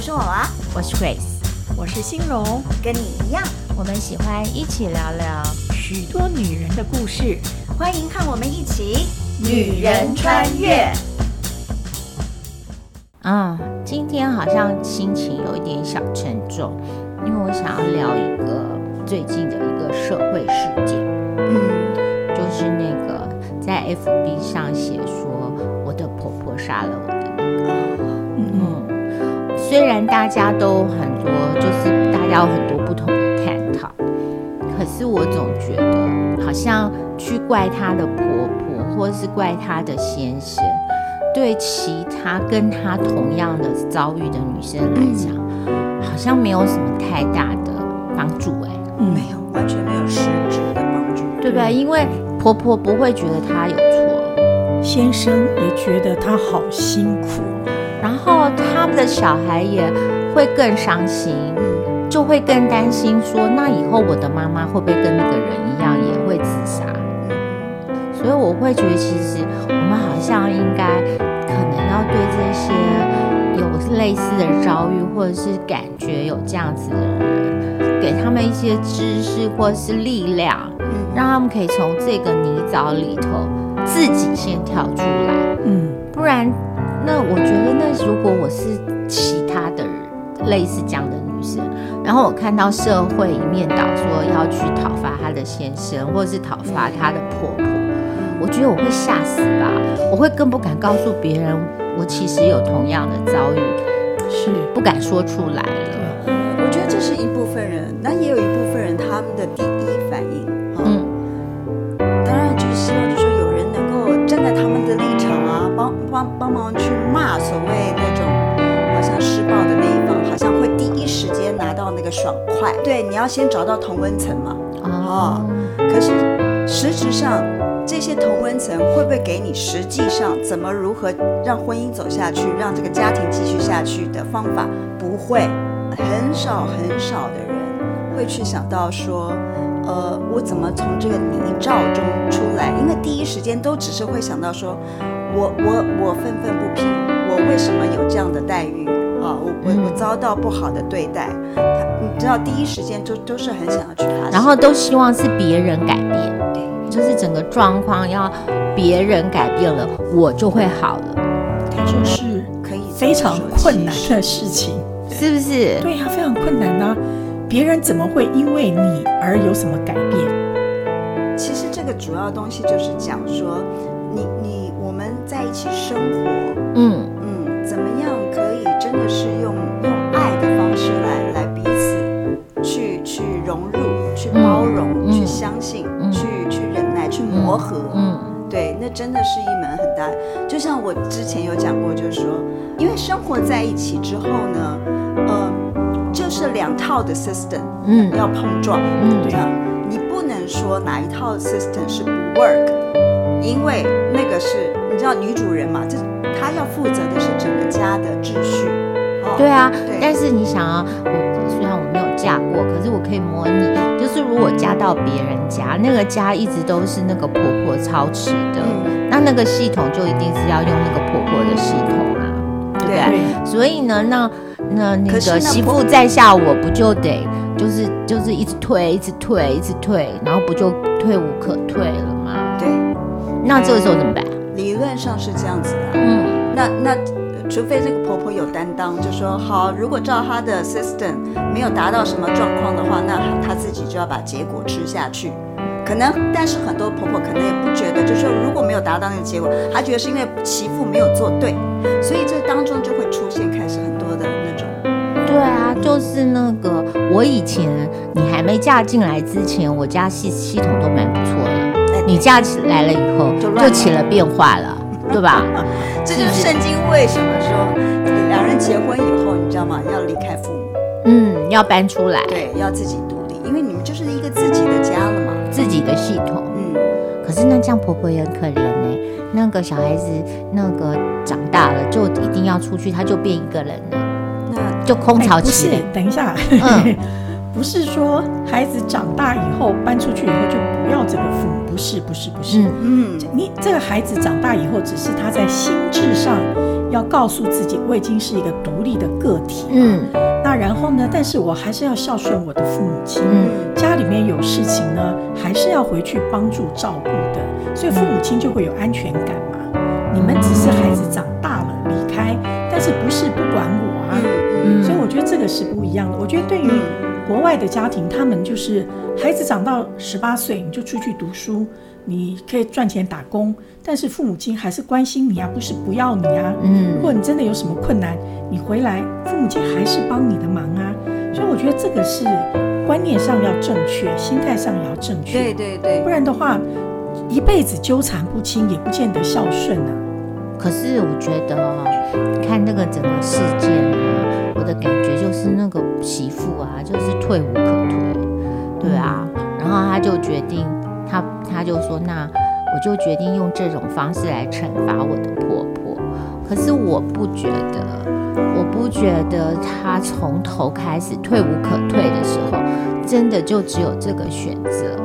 我是我啊，我是 Grace，我是欣容，跟你一樣，我們喜歡一起聊聊許多女人的故事，歡迎看我們一起《女人穿越》嗯。啊，今天好像心情有一點小沉重，因為我想要聊一個最近的一個社會事件，嗯，就是那個在 FB 上寫說我的婆婆殺了我的那個、嗯。雖然大家都很多，就是大家有很多不同的探討，可是我總覺得好像去怪她的婆婆，或是怪她的先生，對其他跟她同樣的遭遇的女生來講，好像沒有什麼太大的幫助，哎，沒有，完全沒有實質的幫助，對不對？因為婆婆不會覺得她有錯，先生也覺得她好辛苦。然後他們的小孩也會更傷心，就會更擔心說，那以後我的媽媽會不會跟那個人一樣也會自殺？所以我會覺得，其實我們好像應該可能要對這些有類似的遭遇或者是感覺有這樣子的人，給他們一些知識或是力量，讓他們可以從這個泥沼裡頭自己先跳出來。嗯，不然。那我覺得，那如果我是其他的人，類似這樣的女生，然後我看到社會一面倒說要去討伐她的先生，或者是討伐她的婆婆，我覺得我會嚇死吧，我會更不敢告訴別人，我其實有同樣的遭遇，是不敢說出來的。對，我覺得這是一部分人，那也有。爽快，對，你要先找到同溫層嘛。哦，可是實質上，這些同溫層會不會給你實際上怎麼如何讓婚姻走下去，讓這個家庭繼續下去的方法？不會，很少很少的人會去想到說，呃，我怎麼從這個泥沼中出來？因為第一時間都只是會想到說，我我我憤憤不平，我為什麼有這樣的待遇？啊、哦，我我我遭到不好的對待，嗯、他你知道，第一時間都都是很想要去拉，然後都希望是別人改變，對，就是整個狀況要別人改變了，我就會好了，這、嗯、是可以非常困難的事情，是不是？對呀、啊，非常困難呢、啊。別人怎麼會因為你而有什麼改變？其實這個主要東西就是講說，你你我們在一起生活，嗯。怎麼樣可以真的是用用愛的方式來來彼此去去融入、去包容、嗯嗯、去相信、嗯、去去忍耐、去磨合嗯？嗯，對，那真的是一門很大。就像我之前有講過，就是說，因為生活在一起之後呢，嗯、呃，就是兩套的 system，嗯，要碰撞、嗯嗯，對啊，你不能說哪一套 system 是不 work，因為那個是你知道女主人嘛，這。她要負責的是整個家的秩序，哦、對啊對。但是你想啊，我、哦、雖然我沒有嫁過，可是我可以模擬，就是如果嫁到別人家，嗯，那個家一直都是那個婆婆操持的，嗯，那那個系統就一定是要用那個婆婆的系統啊，嗯、對不對？所以呢，那那那個媳婦在下，我不就得就是就是一直退，一直退，一直退，然後不就退無可退了嗎？對。嗯、那這個時候怎麼辦？理論上是這樣子的、啊，嗯，那那除非這個婆婆有擔當，就說好，如果照她的 system 沒有達到什麼狀況的話，那她自己就要把結果吃下去、嗯。可能，但是很多婆婆可能也不覺得，就說如果沒有達到那個結果，她覺得是因為媳婦沒有做對，所以這當中就會出現開始很多的那種。對啊，就是那個我以前你還沒嫁進來之前，我家系系統都蠻不錯的。你嫁起來了以後，就起了變化了，對吧？ 這就是聖經為什麼說，兩人結婚以後，你知道嗎？要離開父母，嗯，要搬出來，對，要自己獨立，因為你們就是一個自己的家了嘛，自己的系統，系統嗯。可是那這樣婆婆也很可憐呢、欸。那個小孩子，那個長大了就一定要出去，他就變一個人了，那就空巢期、欸。等一下。嗯不是說孩子長大以後搬出去以後就不要這個父母，不是，不是，不是。嗯，嗯這你這個孩子長大以後，只是他在心智上要告訴自己，我已經是一個獨立的個體了啊。嗯。那然後呢？但是我還是要孝順我的父母親。嗯。家裡面有事情呢，還是要回去幫助照顧的。所以父母親就會有安全感嘛。嗯，你們只是孩子長大了離開，但是不是不管我啊？嗯。所以我覺得這個是不一樣的。我覺得對於。國外的家庭，他們就是孩子長到十八歲，你就出去讀書，你可以賺錢打工，但是父母親還是關心你啊，不是不要你啊。嗯，如果你真的有什麼困難，你回來，父母親還是幫你的忙啊。所以我覺得這個是觀念上要正確，心態上也要正確。對對對，不然的話，一輩子糾纏不清，也不見得孝順啊。可是我覺得，看那個整個事件。感覺就是那個媳婦啊，就是退無可退，對啊，然後他就決定，他他就說，那我就決定用這種方式來懲罰我的婆婆。可是我不覺得，我不覺得他從頭開始退無可退的時候，真的就只有這個選擇。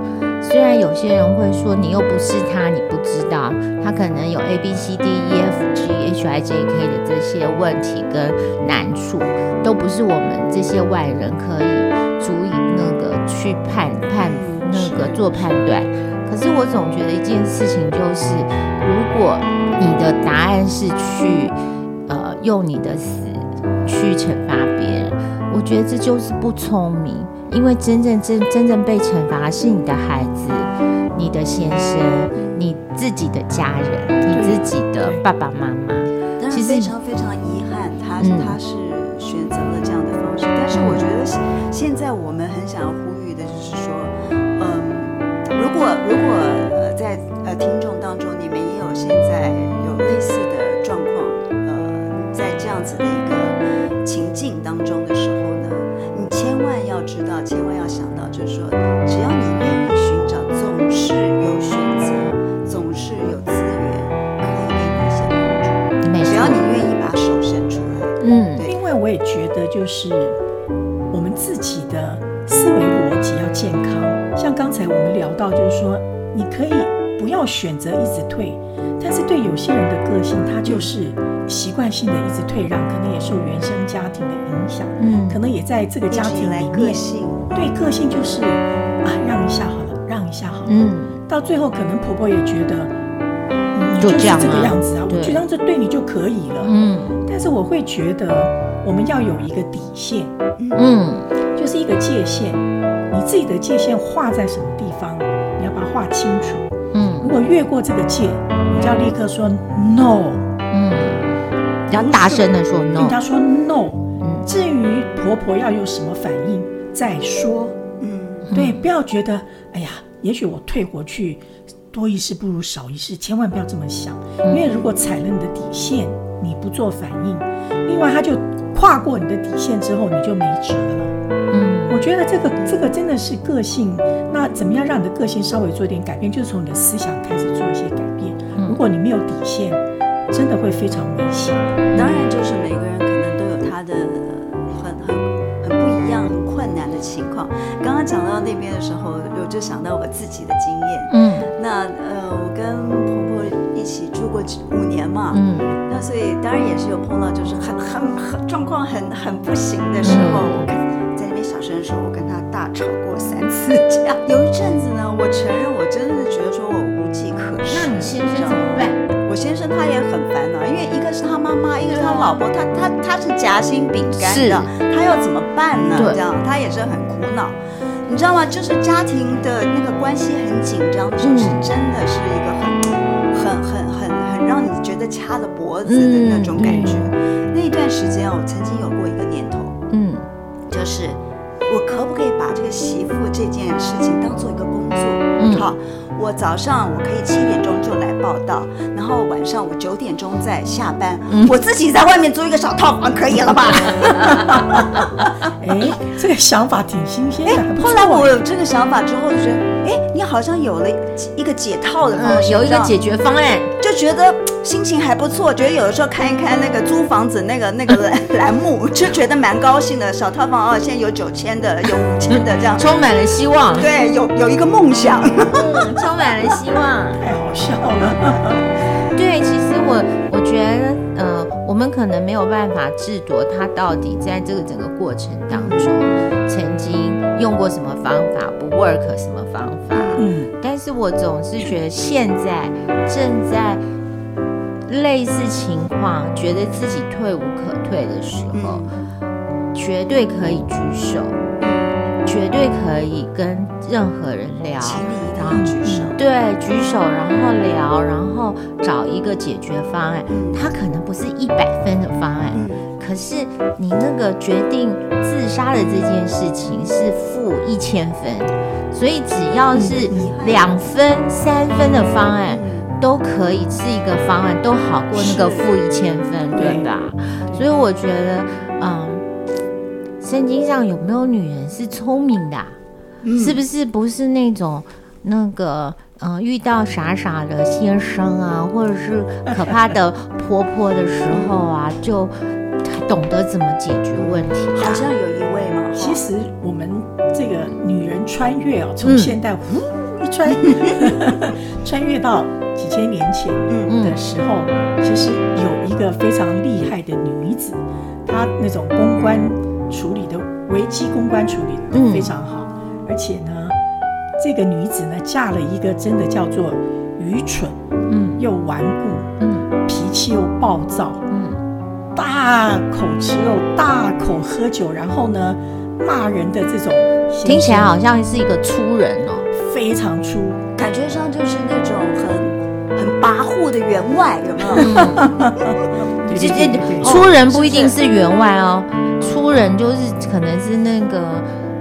雖然有些人會說，你又不是他，你不知道他可能有 A B C D E F G H I J K 的這些問題跟難處，都不是我們這些外人可以足以那個去判判那個做判斷。可是我總覺得一件事情就是，如果你的答案是去呃用你的死去懲罰別人，我覺得這就是不聰明。因為真正真真正被懲罰的是你的孩子，你的先生，你自己的家人、嗯、你自己的爸爸媽媽。但、嗯、是非常非常遺憾，他、嗯、他是選擇了這樣的方式。但是我覺得現在我們很想要呼籲的就是說，嗯、呃，如果如果呃在呃聽眾當中，你們也有現在有類似的狀況，呃，在這樣子的一個情境當中。就是我們自己的思維邏輯要健康。像剛才我們聊到，就是說你可以不要選擇一直退，但是對有些人的個性，他就是習慣性的一直退讓，可能也受原生家庭的影響，嗯，可能也在這個家庭裡面對個性就是啊，讓一下好了，讓一下好了。嗯，到最後可能婆婆也覺得，嗯，你就是這樣這個樣子啊，啊我覺得這對你就可以了。嗯，但是我會覺得。我們要有一個底線，嗯，嗯，就是一個界限，你自己的界限畫在什麼地方，你要把它畫清楚，嗯，如果越過這個界，你就要立刻說 no，嗯，要大聲的說 no，跟他說 no，嗯，至於婆婆要有什麼反應，再說，嗯，嗯，對，不要覺得哎呀，也許我退回去，多一事不如少一事，千萬不要這麼想，嗯，因為如果踩了你的底線，你不做反應，另外他就。跨過你的底線之後，你就沒轍了。嗯，我覺得這個這個真的是個性。那怎麼樣讓你的個性稍微做點改變？就是從你的思想開始做一些改變。嗯。如果你沒有底線，真的會非常危險。當然，就是每個人可能都有他的。情況，剛剛講到那邊的時候，我就想到我自己的經驗。嗯，那呃，我跟婆婆一起住過五年嘛。嗯，那所以當然也是有碰到，就是很很很狀況很很不行的時候。嗯、我跟，在那邊小聲說，我跟她大吵過三次架。嗯。有一陣子呢，我承認我真的是覺得說我無計可施。你知道嗎？先生他也很煩惱、啊，因為一個是他媽媽，一個是他老婆，哦、他他他是夾心餅乾的，是他要怎麼辦呢？這樣他也是很苦惱，你知道嗎？就是家庭的那個關係很緊張，就是真的是一個很、嗯、很很很很讓你覺得掐了脖子的那種感覺。嗯嗯、那段時間我曾經有過一個念頭，嗯、就是。我可不可以把這個媳婦這件事情當做一個工作？嗯，好，我早上我可以七點鐘就來報到，然後晚上我九點鐘再下班。嗯，我自己在外面租一個小套房、嗯、可以了吧？哈哈哈哈哈哈！ 哎，這個想法挺新鮮的、哎啊。後來我有這個想法之後，我覺得，哎，你好像有了一個解套的方式，有一個解決方案。覺得心情還不錯，覺得有的時候看一看那個租房子那個那個欄目，就覺得蠻高興的。小套房哦，現在有九千的，有五千的，這樣充滿了希望。對，有有一個夢想，嗯，嗯，充滿了希望。太好笑了。嗯，對，其實我我覺得，嗯，呃，我們可能沒有辦法知道他到底在這個整個過程當中曾經用過什麼方法，不 work 什麼方法。嗯但是我總是覺得，現在正在類似情況，覺得自己退無可退的時候，嗯，絕對可以舉手，絕對可以跟任何人聊，請你一定要舉手，對，舉手然後聊，然後找一個解決方案，它可能不是一百分的方案。嗯可是你那個決定自殺的這件事情是負一千分，所以只要是兩分、三分的方案都可以是一個方案，都好過那個負一千分，對吧？所以我覺得，嗯，聖經上有沒有女人是聰明的、啊？是不是不是那種那個嗯、呃，遇到傻傻的先生啊，或者是可怕的婆婆的時候啊，就。懂得怎麼解決問題、啊，好像有一位嘛，其實我們這個女人穿越哦、啊，從現代呼、嗯嗯、一穿越，嗯、 穿越到幾千年前的時候，嗯、其實有一個非常厲害的女子、嗯，她那種公關處理的危機公關處理的非常好、嗯，而且呢，這個女子呢嫁了一個真的叫做愚蠢，又頑固，嗯、脾氣又暴躁，嗯嗯大口吃肉，大口喝酒，然後呢，罵人的這種情，聽起來好像是一個粗人哦，非常粗，感覺上就是那種很很跋扈的員外，有沒有？哈哈哈粗人不一定是員外哦，粗人就是可能是那個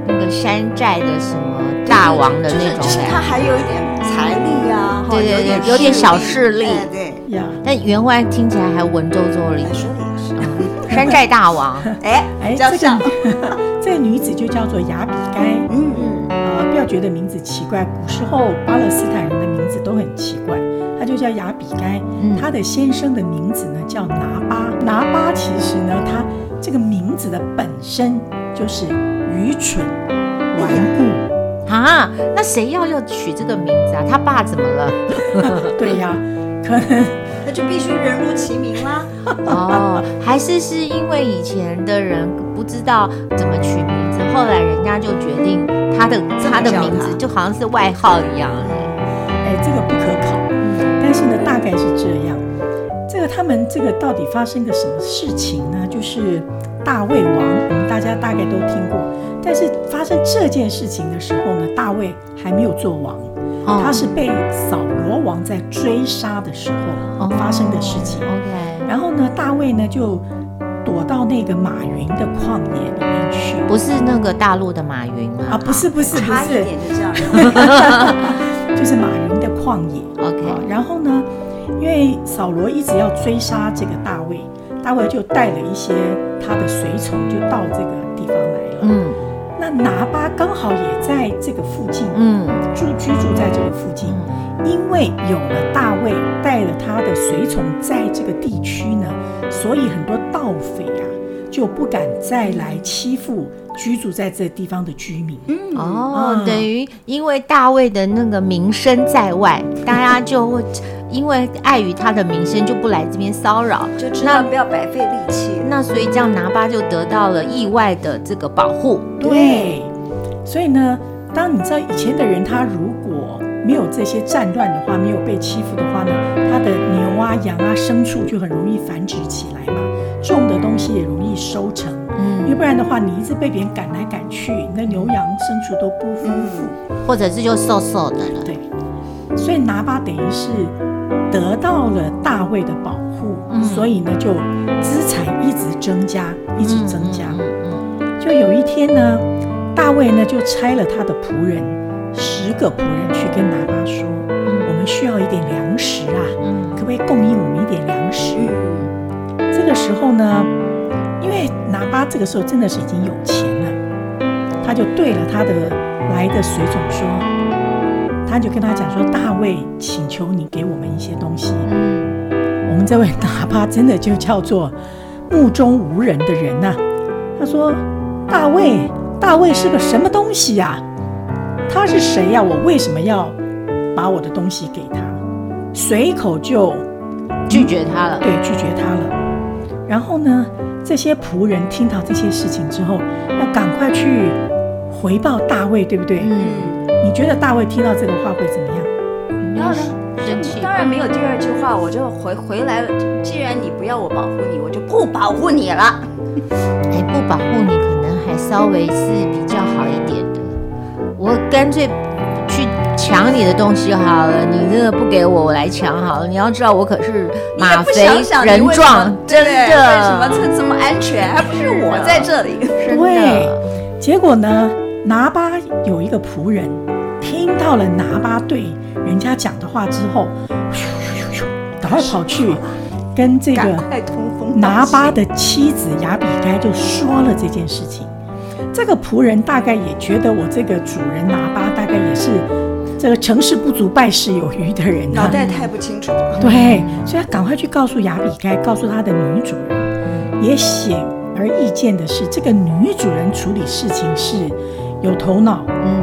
那個山寨的什麼大王的那種。就是、就是、他還有一點財力呀、啊嗯哦，對對對，有點，有點小勢力。嗯、對呀，但員外聽起來還文縐縐的。山寨大王，哎、欸、哎、欸，這個這個女子就叫做亞比該，嗯嗯，嗯、啊，不要覺得名字奇怪，古、嗯、時候巴勒斯坦人的名字都很奇怪，她就叫亞比該、嗯、她的先生的名字呢叫拿巴，拿巴其實呢，他這個名字的本身就是愚蠢頑固啊，那誰要要取這個名字啊？他爸怎麼了？ 對呀、啊，可能。那就必須人如其名啦。 哦，還是是因為以前的人不知道怎麼取名字，後來人家就決定他的、嗯、他的名字就好像是外號一樣。哎、嗯嗯嗯欸，這個不可考。嗯，但是呢、嗯，大概是這樣。這個他們這個到底發生個什麼事情呢？就是大衛王，我、嗯、們大家大概都聽過。但是發生這件事情的時候呢，大衛還沒有做王。Oh. 他是被掃羅王在追殺的時候發生的事情。Oh. OK，然後呢，大衛呢就躲到那個馬雲的曠野裡面去，不是那個大陸的馬雲嗎、啊？啊，不是不是不是，差一點就這樣， 就是馬雲的曠野。OK，、啊、然後呢，因為掃羅一直要追殺這個大衛，大衛就帶了一些他的隨從，就到這個地方來了。嗯。那拿巴剛好也在這個附近，嗯，住居住在這個附近，嗯、因為有了大衛帶了他的隨從在這個地區呢，所以很多盜匪啊就不敢再來欺負居住在這個地方的居民。嗯，哦，等、啊、於因為大衛的那個名聲在外，大家就會。因為礙於他的名聲，就不來這邊騷擾，就知道那不要白費力氣。那所以這樣拿巴就得到了意外的這個保護對。對，所以呢，當你知道以前的人，他如果沒有這些戰亂的話，沒有被欺負的話呢，他的牛啊、羊啊、牲畜就很容易繁殖起來嘛，種的東西也容易收成。嗯，要不然的話，你一直被別人趕來趕去，你的牛羊牲畜都不豐富、嗯，或者是就瘦瘦的了。對，所以拿巴等於是。得到了大衛的保護，嗯，所以呢，就資產一直增加，嗯，一直增加，嗯嗯嗯嗯，就有一天呢，大衛呢就差了他的僕人十個僕人去跟拿巴說，嗯：“我們需要一點糧食啊，嗯，可不可以供應我們一點糧食、啊？”這個時候呢，因為拿巴這個時候真的是已經有錢了，他就對了他的來的隨從說。他就跟他講說，大衛請求你給我們一些東西。嗯，我們這位拿八真的就叫做目中無人的人吶、啊，他說，大衛，大衛是個什麼東西呀、啊？他是誰呀、啊？我為什麼要把我的東西給他？隨口就拒絕他了、嗯。對，拒絕他了。然後呢，這些僕人聽到這些事情之後，要趕快去回報大衛，對不對？嗯。你覺得大衛聽到這個話會怎麼樣？然後呢？當然沒有第二句話，我就回回來了。既然你不要我保護你，我就不保護你了。哎，不保護你可能還稍微是比較好一點的。我乾脆去搶你的東西好了。你這個不給我，我來搶好了。你要知道，我可是馬肥人壯，真的。為什麼這這麼安全？還不是我在這裡。 對，真的，結果呢？拿巴有一個僕人，聽到了拿巴對人家講的話之後，趕快跑去跟這個拿巴的妻子亞比該就說了這件事情。這個僕人大概也覺得我這個主人拿巴大概也是這個成事不足敗事有餘的人啊，腦袋太不清楚了。對，所以他趕快去告訴亞比該，告訴他的女主人。也顯而易見的是，這個女主人處理事情是。有頭腦，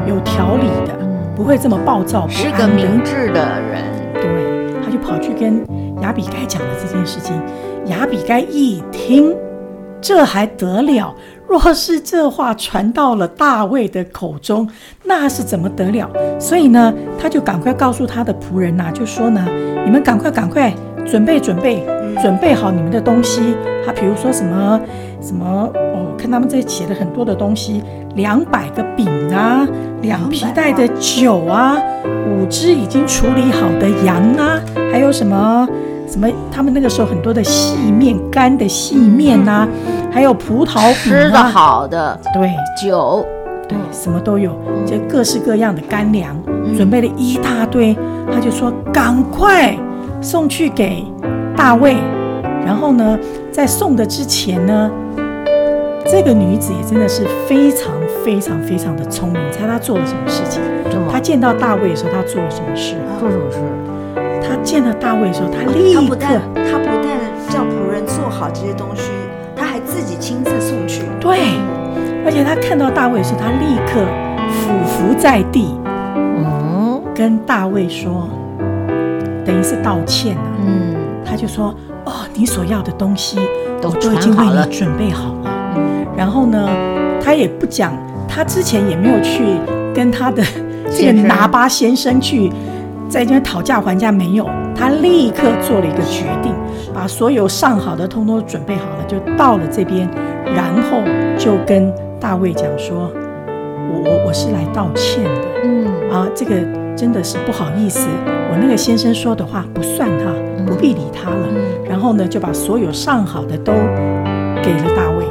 有條理的，不會這麼暴躁，不是個明智的人。對，他就跑去跟亞比該講了這件事情。亞比該一聽，這還得了？若是這話傳到了大衛的口中，那是怎麼得了？所以呢，他就趕快告訴他的僕人吶、啊，就說呢，你們趕快，快，趕快。準備準備，準備好你們的東西。他比如說什麼什麼哦，看他們這寫了很多的東西：兩百個餅啊，兩、嗯、皮袋的酒啊，嗯、五隻已經處理好的羊啊，還有什麼什麼？他們那個時候很多的細麵，乾的細麵吶，還有葡萄餅、啊、吃的好的，對酒，對什麼都有，這、嗯、各式各樣的乾糧、嗯，準備了一大堆。他就說：“趕快！”送去給大衛，然後呢，在送的之前呢，這個女子也真的是非常非常非常的聰明。猜她做了什麼事情？她見到大衛的時候，她做了什麼事？做什麼事？她見到大衛的時候，她立刻，她不但叫僕人做好這些東西，她還自己親自送去。對，而且她看到大衛的時候，她立刻俯伏在地，跟大衛說。等於是道歉了，啊，嗯，他就說：“哦，你所要的東西都我都已經為你準備好了。嗯”然後呢，他也不講，他之前也沒有去跟他的這個拿巴先生去在這邊討價還價，沒有，他立刻做了一個決定，把所有上好的通通準備好了，就到了這邊，然後就跟大衛講說：“我我我是來道歉的，嗯，啊，這個。”真的是不好意思，我那個先生說的話不算哈，嗯，不必理他了，嗯。然後呢，就把所有上好的都給了大衛，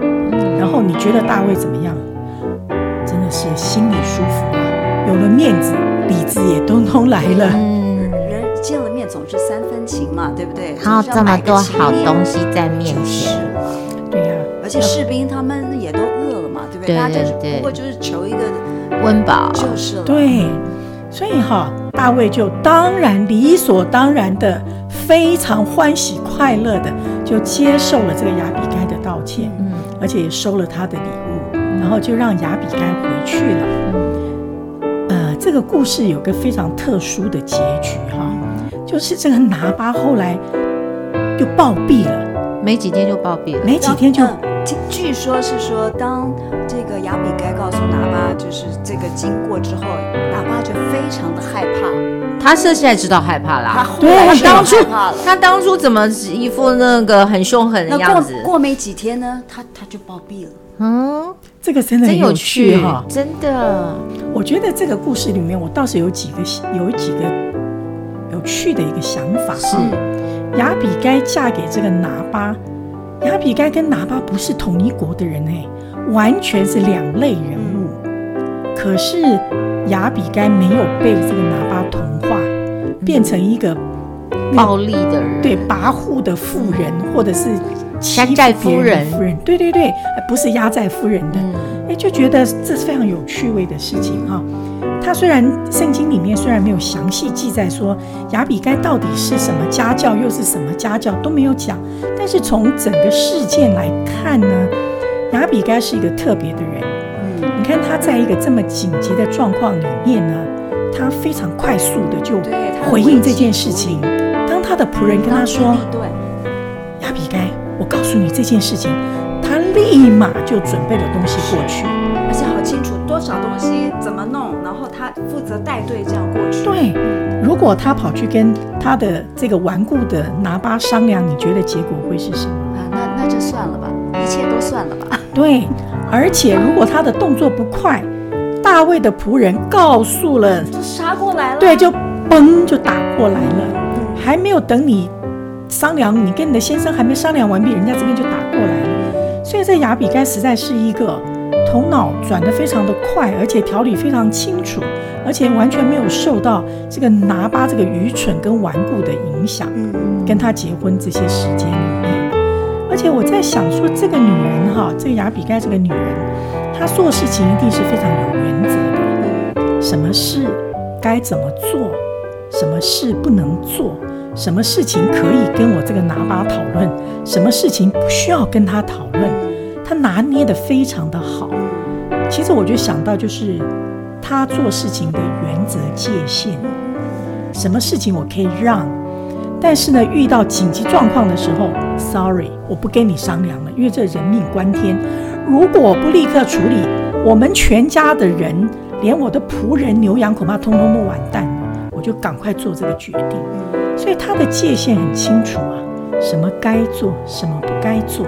嗯。然後你覺得大衛怎麼樣？真的是心裡舒服啊，有了面子，裡子也通通來了。嗯，人見了面總是三分情嘛，對不對？他這麼多好東西在面前，就是，對呀，啊。而且士兵他們也都餓了嘛，對不對？對對對，大家不過就是求一個溫飽，就是了，對。所以哈，大衛就當然理所當然的非常歡喜快樂的就接受了這個亞比該的道歉，嗯，而且也收了他的禮物，然後就讓亞比該回去了。嗯，呃，這個故事有個非常特殊的結局哈，就是這個拿巴後來就暴斃了，沒幾天就暴斃了，沒幾天就，據說是說當。這個亞比該告訴拿巴，就是這個經過之後，拿巴就非常的害怕。他是現在知道害怕了、啊。他後來是害怕了。他當，當初怎麼一副那個很兇狠的樣子？過，過沒幾天呢，他他就暴斃了。嗯，這個真的很有趣哈、哦，真的。我覺得這個故事裡面，我倒是有幾個、有幾個有趣的一個想法是、啊、亞比該嫁給這個拿巴，亞比該跟拿巴不是同一國的人哎、欸。完全是兩類人物，嗯、可是亞比該沒有被這個拿巴同化，變成一個暴力的人，對，跋扈的婦人，嗯、或者是壓寨夫人，夫人，對對對，不是壓寨夫人的，誒、嗯欸，就覺得這是非常有趣味的事情哈、哦。他雖然聖經裡面雖然沒有詳細記載說亞比該到底是什麼家教，又是什麼家教都沒有講，但是從整個事件來看呢。亞比該是一個特別的人，嗯，你看他在一個這麼緊急的狀況裡面呢，他非常快速的就回應這件事情。他當他的僕人跟他說：“亞、嗯、比該，我告訴你這件事情。”他立馬就準備了東西過去，而且好清楚多少東西怎麼弄，然後他負責帶隊這樣過去。對，如果他跑去跟他的這個頑固的拿巴商量，你覺得結果會是什麼？啊，那那就算了吧，一切都算了吧。對，而且如果他的動作不快，大衛的僕人告訴了，就殺過來了。對，就嘣就打過來了，還沒有等你商量，你跟你的先生還沒商量完畢，人家這邊就打過來了。所以這亞比該實在是一個頭腦轉得非常的快，而且條理非常清楚，而且完全沒有受到這個拿巴這個愚蠢跟頑固的影響。嗯、跟他結婚這些時間裡面。而且我在想說，這個女人哈、啊，這個亞比該這個女人，她做事情一定是非常有原則的。什麼事該怎麼做，什麼事不能做，什麼事情可以跟我這個拿八討論，什麼事情不需要跟她討論，她拿捏得非常的好。其實我就想到，就是她做事情的原則界限，什麼事情我可以讓。但是呢，遇到緊急狀況的時候，sorry，我不跟你商量了，因為這人命關天，如果不立刻處理，我們全家的人，連我的僕人牛羊，恐怕通通都完蛋了。我就趕快做這個決定，所以他的界限很清楚啊，什麼該做，什麼不該做，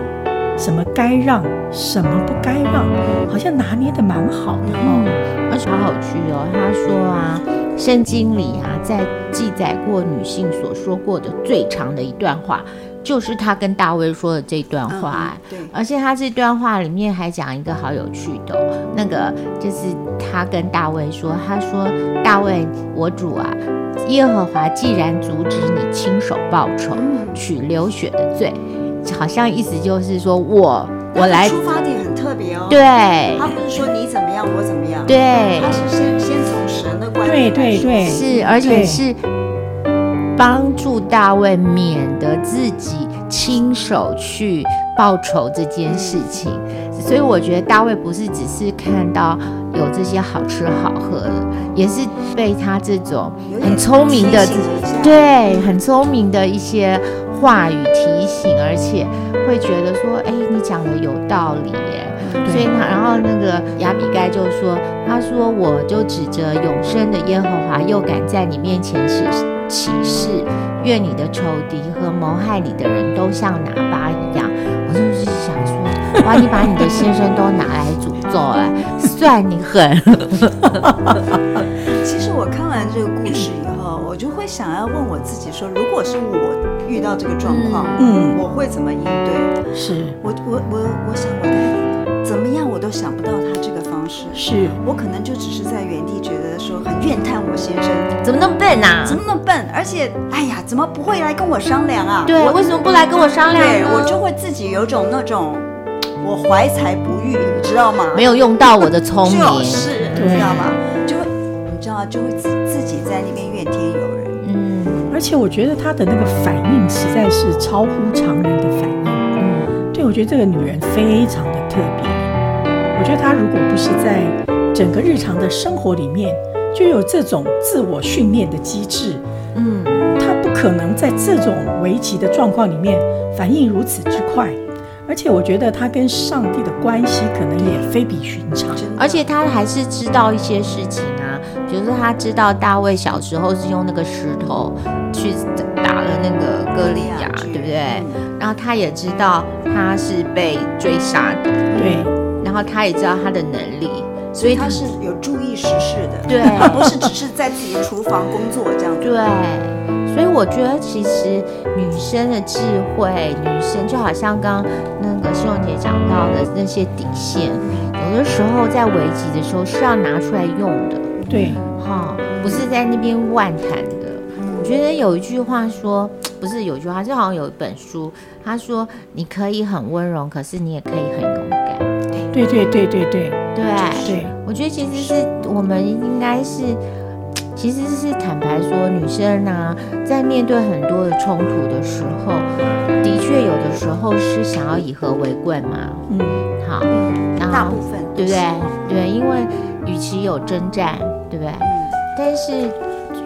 什麼該讓，什麼不該讓，好像拿捏得蠻好的哦，嗯，而且好好去哦，他說啊。聖經裡啊，在記載過女性所說過的最長的一段話，就是她跟大衛說的這段話，嗯。對，而且她這段話裡面還講一個好有趣的，那個就是她跟大衛說，她說：“大衛，我主啊，耶和華既然阻止你親手報仇，取流血的罪，好像意思就是說我我來出發點很特別哦。對，他不是說你怎麼樣我怎麼樣，對，他是先先從。”對對對，對，對，是，而且是幫助大衛免得自己親手去報仇這件事情，所以我覺得大衛不是只是看到有這些好吃好喝的，也是被他這種很聰明的，嗯、對，很聰明的一些話語提醒，而且會覺得說，誒，你講的有道理耶。所以他，然後那個亞比該就說：“他說，我就指着永生的耶和華，又敢在你面前起，起誓，願你的仇敵和謀害你的人都像拿八一樣。”我就是想說，哇，你把你的先生都拿來詛咒了， 算你狠。其實我看完這個故事以後， 我就會想要問我自己：說，如果是我遇到這個狀況，嗯，我會怎麼應對？是我我我我想我。怎麼樣，我都想不到他這個方式。是我可能就只是在原地覺得說很怨嘆，我先生怎麼那麼笨吶？啊？怎麼那麼笨？而且，哎呀，怎麼不會來跟我商量啊？嗯、對，為什麼不來跟我商量對？我就會自己有種那種，我懷才不遇，你知道嗎？沒有用到我的聰明，就是、你知道嗎？就會你知道，就會自、自己在那邊怨天尤人。嗯，而且我覺得他的那個反應實在是超乎常人的反應。嗯、對，我覺得這個女人非常的特別。我覺得他如果不是在整個日常的生活裡面就有這種自我訓練的機制，嗯，他不可能在這種危急的狀況裡面反應如此之快。而且我覺得他跟上帝的關係可能也非比尋常，而且他還是知道一些事情啊，比如說他知道大衛小時候是用那個石頭去打了那個歌利亞，對不對？對。然後他也知道他是被追殺的，對。然後他也知道他的能力，所以，所以他是有注意時事的，對，不是只是在自己廚房工作這樣子。 對，所以我覺得其實女生的智慧，女生就好像剛，剛那個新聞姐講到的那些底線，有的時候在危急的時候是要拿出來用的，對，哈、嗯，不是在那邊亂談的、嗯。我覺得有一句話說，不是有一句話，就好像有一本書，他說你可以很溫柔，可是你也可以很勇敢。對對對對對對、就是，我覺得其實是、就是、我們應該是，其實是坦白說，女生呢、啊、在面對很多的衝突的時候，的確有的時候是想要以和為貴嘛，嗯，好，嗯、大部分對不對，對對對，因為與其有征戰，對不對？嗯、但是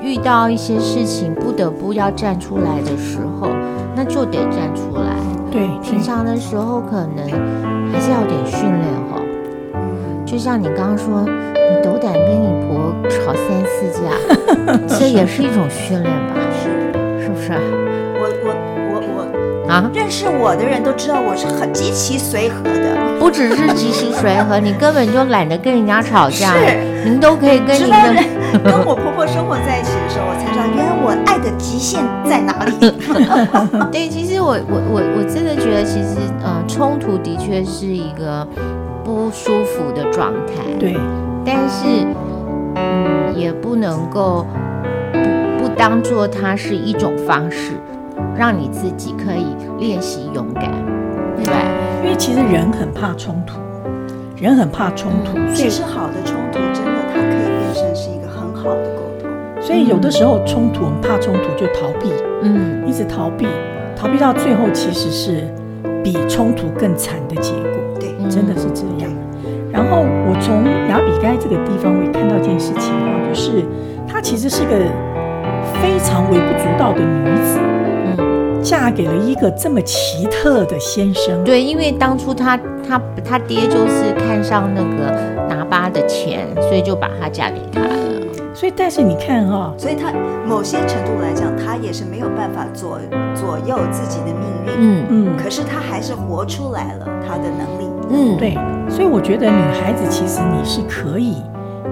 遇到一些事情不得不要站出來的時候，那就得站出來。對，平常的時候可能。還是要點訓練哈、哦，就像你剛剛說，你斗膽跟你婆吵三四架，這也是一種訓練吧？ 是，是不是、啊？我我我我啊！我認識我的人都知道我是很極其隨和的，不只是極其隨和， 你根本就懶得跟人家吵架。是，您都可以跟你的跟我婆婆生活在一起的時候，我才知道。我愛的極限在哪裡？ 對，其實我我我我真的覺得，其實呃，衝突的確是一個不舒服的狀態，對，但是、嗯、也不能夠不，不當做它是一種方式，讓你自己可以練習勇敢，對，因為其實人很怕衝突，突，人很怕衝突、嗯，其實好的衝突真的它可以變成是一個很好的功。所以有的時候衝突，我們怕衝突就逃避，嗯，一直逃避，逃避到最後其實是比衝突更慘的結果，對、嗯，真的是這樣。然後我從亞比該這個地方，會看到一件事情啊，就是她其實是個非常微不足道的女子，嗯，嫁給了一個這麼奇特的先生，對，因為當初她她她爹就是看上那個拿巴的錢，所以就把她嫁給他了。所以，但是你看啊、哦，所以他某些程度來講，他也是沒有辦法左左右自己的命運。嗯嗯。可是他還是活出來了他的能力。嗯，對。所以我覺得女孩子其實你是可以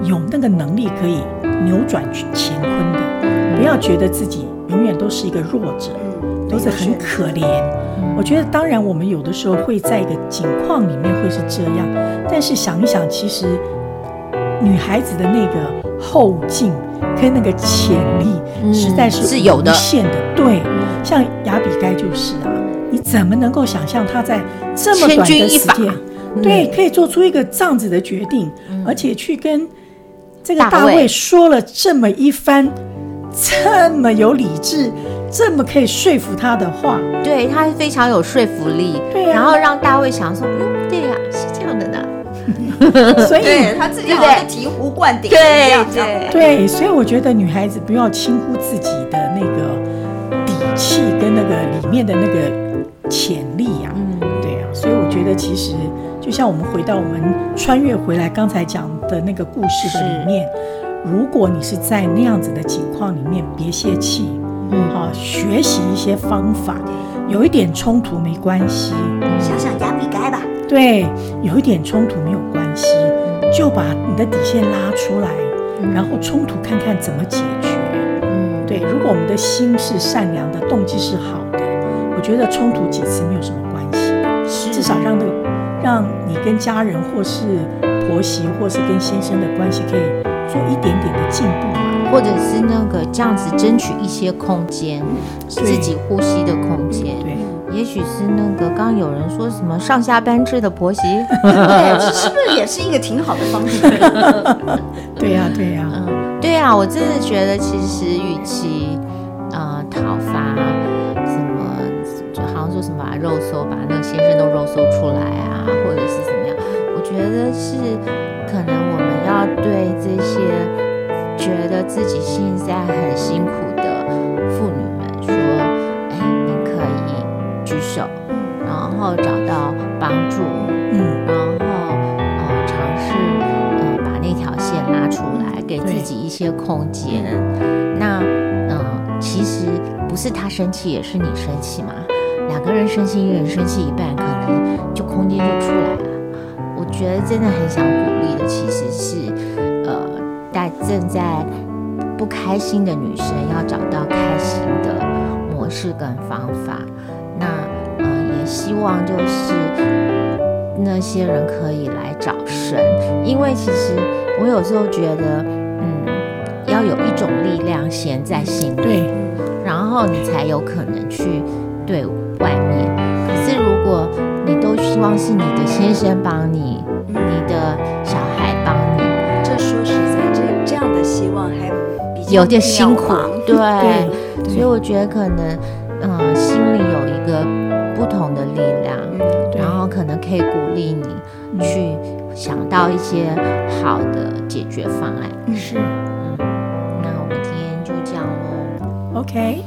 有那個能力可以扭轉去乾坤的，不要覺得自己永遠都是一個弱者，嗯、都是很可憐。我覺得當然我們有的時候會在一個境況裡面會是這樣，但是想一想，其實。女孩子的那個後勁跟那個潛力，實在是無限的，嗯，是有的，對。像亞比該就是啊，你怎麼能夠想象她在這麼短的時間，千鈞一髮，嗯，對，可以做出一個這樣子的決定，嗯，而且去跟這個大衛說了這麼一番，這麼有理智，這麼可以說服他的話，對他是非常有說服力，對、啊。然後讓大衛想說，嗯，哎，對呀，啊，是這樣的。 所以他自己好像醍醐灌頂一樣，對對對，對，所以我覺得女孩子不要輕忽自己的那個底氣跟那個裡面的那個潛力呀，嗯，對啊，所以我覺得其實就像我們回到我們穿越回來剛才講的那個故事的裡面，如果你是在那樣子的情況裡面，別洩氣，嗯，好，學習一些方法，有一點衝突沒關係，小、嗯、小、嗯對，有一點衝突沒有關係，嗯、就把你的底線拉出來，嗯，然後衝突看看怎麼解決，嗯。對，如果我們的心是善良的，動機是好的，我覺得衝突幾次沒有什麼關係，啊、至少讓的、那個、讓你跟家人或是婆媳或是跟先生的關係可以做一點點的進步嘛，或者是那個這樣子爭取一些空間，嗯，自己呼吸的空間。對。對對也許是那個剛有人說什麼上下班制的婆媳， 對，是不是也是一個挺好的方式？對呀、啊 嗯，對呀，對呀！我真的覺得，其實與其啊、呃、討伐什麼，就好像說什麼肉搜把那個先生都肉搜出來啊，或者是怎麼樣，我覺得是可能我們要對這些覺得自己現在很辛苦。然後找到幫助，嗯，然後呃嘗試呃把那條線拉出來，給自己一些空間。那嗯、呃，其實不是他生氣，也是你生氣嘛。兩個人生氣，一人生氣一半，可能就空間就出來了。我覺得真的很想鼓勵的，其實是呃，大正在不開心的女生要找到開心的模式跟方法。希望就是、呃、那些人可以來找神，因為其實我有時候覺得，嗯，要有一種力量先在心裡，對，然後你才有可能去對外面。可是如果你都希望是你的先生幫你，嗯、你的小孩幫你，這說實在，這這樣的希望還比較有有點辛苦對，對，對，對。所以我覺得可能，嗯、呃，心裡有一個。的力量，嗯，然後可能可以鼓勵你去想到一些好的解決方案。嗯、是，那我們今天就這樣嘍。OK，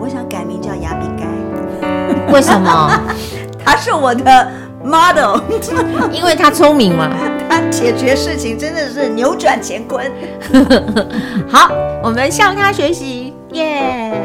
我想改名叫亞比該。為什麼？ 他是我的 model， 因為他聰明嘛。他解決事情真的是扭轉乾坤。 好，我們向他學習，耶、yeah!。